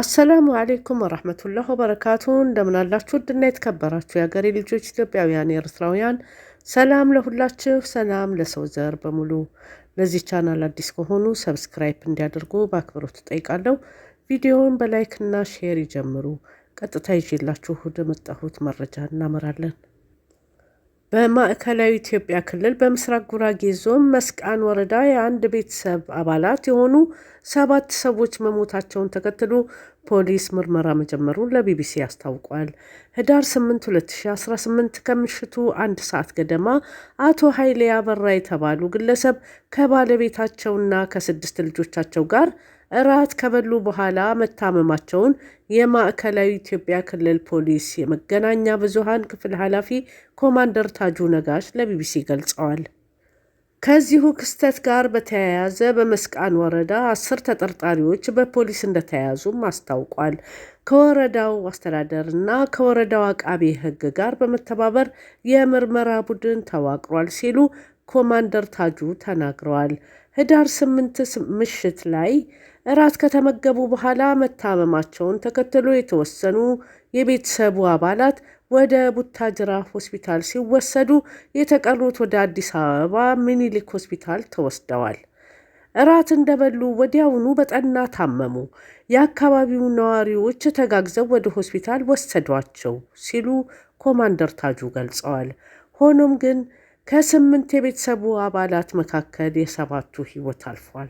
አሰላሙ አሌይኩም ወረህመቱላህ ወበረካቱ እንደምናላችሁ ውድና የተከበራችሁ የሀገሬ ልጆች ኢትዮጵያውያን፣ ኤርትራውያን ሰላም ለሁላችሁ፣ ሰላም ለሰው ዘር በሙሉ። ለዚህ ቻናል አዲስ ከሆኑ ሰብስክራይብ እንዲያደርጉ በአክብሮት እጠይቃለሁ። ቪዲዮውን በላይክና ሼር ይጀምሩ። ቀጥታ ይዤላችሁ ወደ መጣሁት መረጃ እናመራለን። በማዕከላዊ ኢትዮጵያ ክልል በምስራቅ ጉራጌ ዞን መስቃን ወረዳ የአንድ ቤተሰብ አባላት የሆኑ ሰባት ሰዎች መሞታቸውን ተከትሎ ፖሊስ ምርመራ መጀመሩን ለቢቢሲ አስታውቋል። ህዳር 8 2018 ከምሽቱ አንድ ሰዓት ገደማ አቶ ኃይሌ አበራ የተባሉ ግለሰብ ከባለቤታቸውና ከስድስት ልጆቻቸው ጋር እራት ከበሉ በኋላ መታመማቸውን የማዕከላዊ ኢትዮጵያ ክልል ፖሊስ የመገናኛ ብዙሃን ክፍል ኃላፊ ኮማንደር ታጁ ነጋሽ ለቢቢሲ ገልጸዋል። ከዚሁ ክስተት ጋር በተያያዘ በመስቃን ወረዳ አስር ተጠርጣሪዎች በፖሊስ እንደተያያዙም አስታውቋል። ከወረዳው አስተዳደር እና ከወረዳው አቃቤ ሕግ ጋር በመተባበር የምርመራ ቡድን ተዋቅሯል ሲሉ ኮማንደር ታጁ ተናግረዋል። ህዳር ስምንት ምሽት ላይ እራት ከተመገቡ በኋላ መታመማቸውን ተከትሎ የተወሰኑ የቤተሰቡ አባላት ወደ ቡታጅራ ሆስፒታል ሲወሰዱ የተቀሩት ወደ አዲስ አበባ ሚኒሊክ ሆስፒታል ተወስደዋል። እራት እንደበሉ ወዲያውኑ በጠና ታመሙ። የአካባቢው ነዋሪዎች ተጋግዘው ወደ ሆስፒታል ወሰዷቸው ሲሉ ኮማንደር ታጁ ገልጸዋል። ሆኖም ግን ከስምንት የቤተሰቡ አባላት መካከል የሰባቱ ሕይወት አልፏል።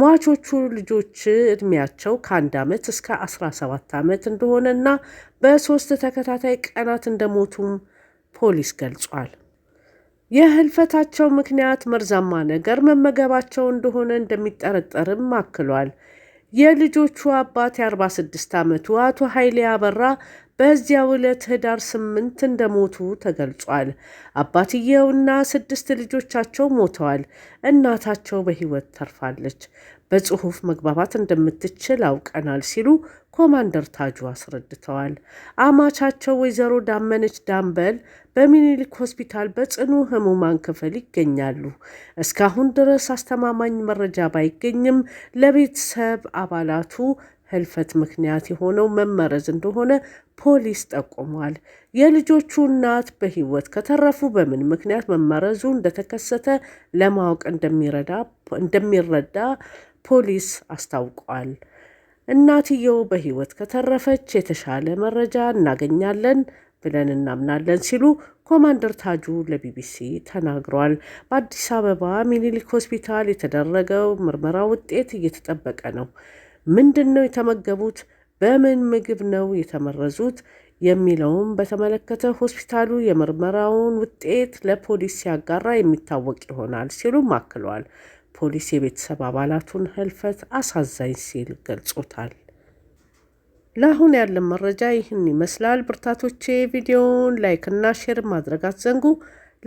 ሟቾቹ ልጆች እድሜያቸው ከአንድ ዓመት እስከ 17 ዓመት እንደሆነና በሶስት ተከታታይ ቀናት እንደሞቱም ፖሊስ ገልጿል። የህልፈታቸው ምክንያት መርዛማ ነገር መመገባቸው እንደሆነ እንደሚጠረጠርም አክሏል። የልጆቹ አባት የ46 ዓመቱ አቶ ኃይሌ አበራ በዚያው ዕለት ህዳር ስምንት እንደሞቱ ተገልጿል። አባትየውና ስድስት ልጆቻቸው ሞተዋል። እናታቸው በሕይወት ተርፋለች። በጽሑፍ መግባባት እንደምትችል አውቀናል ሲሉ ኮማንደር ታጁ አስረድተዋል። አማቻቸው ወይዘሮ ዳመነች ዳምበል በሚኒሊክ ሆስፒታል በጽኑ ህሙማን ክፍል ይገኛሉ። እስካሁን ድረስ አስተማማኝ መረጃ ባይገኝም ለቤተሰብ አባላቱ ህልፈት ምክንያት የሆነው መመረዝ እንደሆነ ፖሊስ ጠቁሟል። የልጆቹ እናት በህይወት ከተረፉ በምን ምክንያት መመረዙ እንደተከሰተ ለማወቅ እንደሚረዳ ፖሊስ አስታውቋል። እናትየው በህይወት ከተረፈች የተሻለ መረጃ እናገኛለን ብለን እናምናለን ሲሉ ኮማንደር ታጁ ለቢቢሲ ተናግሯል። በአዲስ አበባ ሚኒሊክ ሆስፒታል የተደረገው ምርመራ ውጤት እየተጠበቀ ነው። ምንድን ነው የተመገቡት፣ በምን ምግብ ነው የተመረዙት የሚለውም በተመለከተ ሆስፒታሉ የምርመራውን ውጤት ለፖሊስ ሲያጋራ የሚታወቅ ይሆናል ሲሉም አክለዋል። ፖሊስ የቤተሰብ አባላቱን ህልፈት አሳዛኝ ሲል ገልጾታል። ለአሁን ያለን መረጃ ይህን ይመስላል። ብርታቶቼ ቪዲዮውን እና ሼር ማድረግ አትዘንጉ።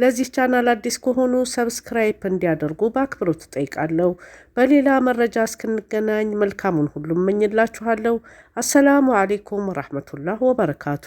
ለዚህ ቻናል አዲስ ከሆኑ ሰብስክራይብ እንዲያደርጉ በአክብሮት እጠይቃለሁ። በሌላ መረጃ እስክንገናኝ መልካሙን ሁሉ እመኝላችኋለሁ። አሰላሙ አሌይኩም ረሕመቱላህ ወበረካቱ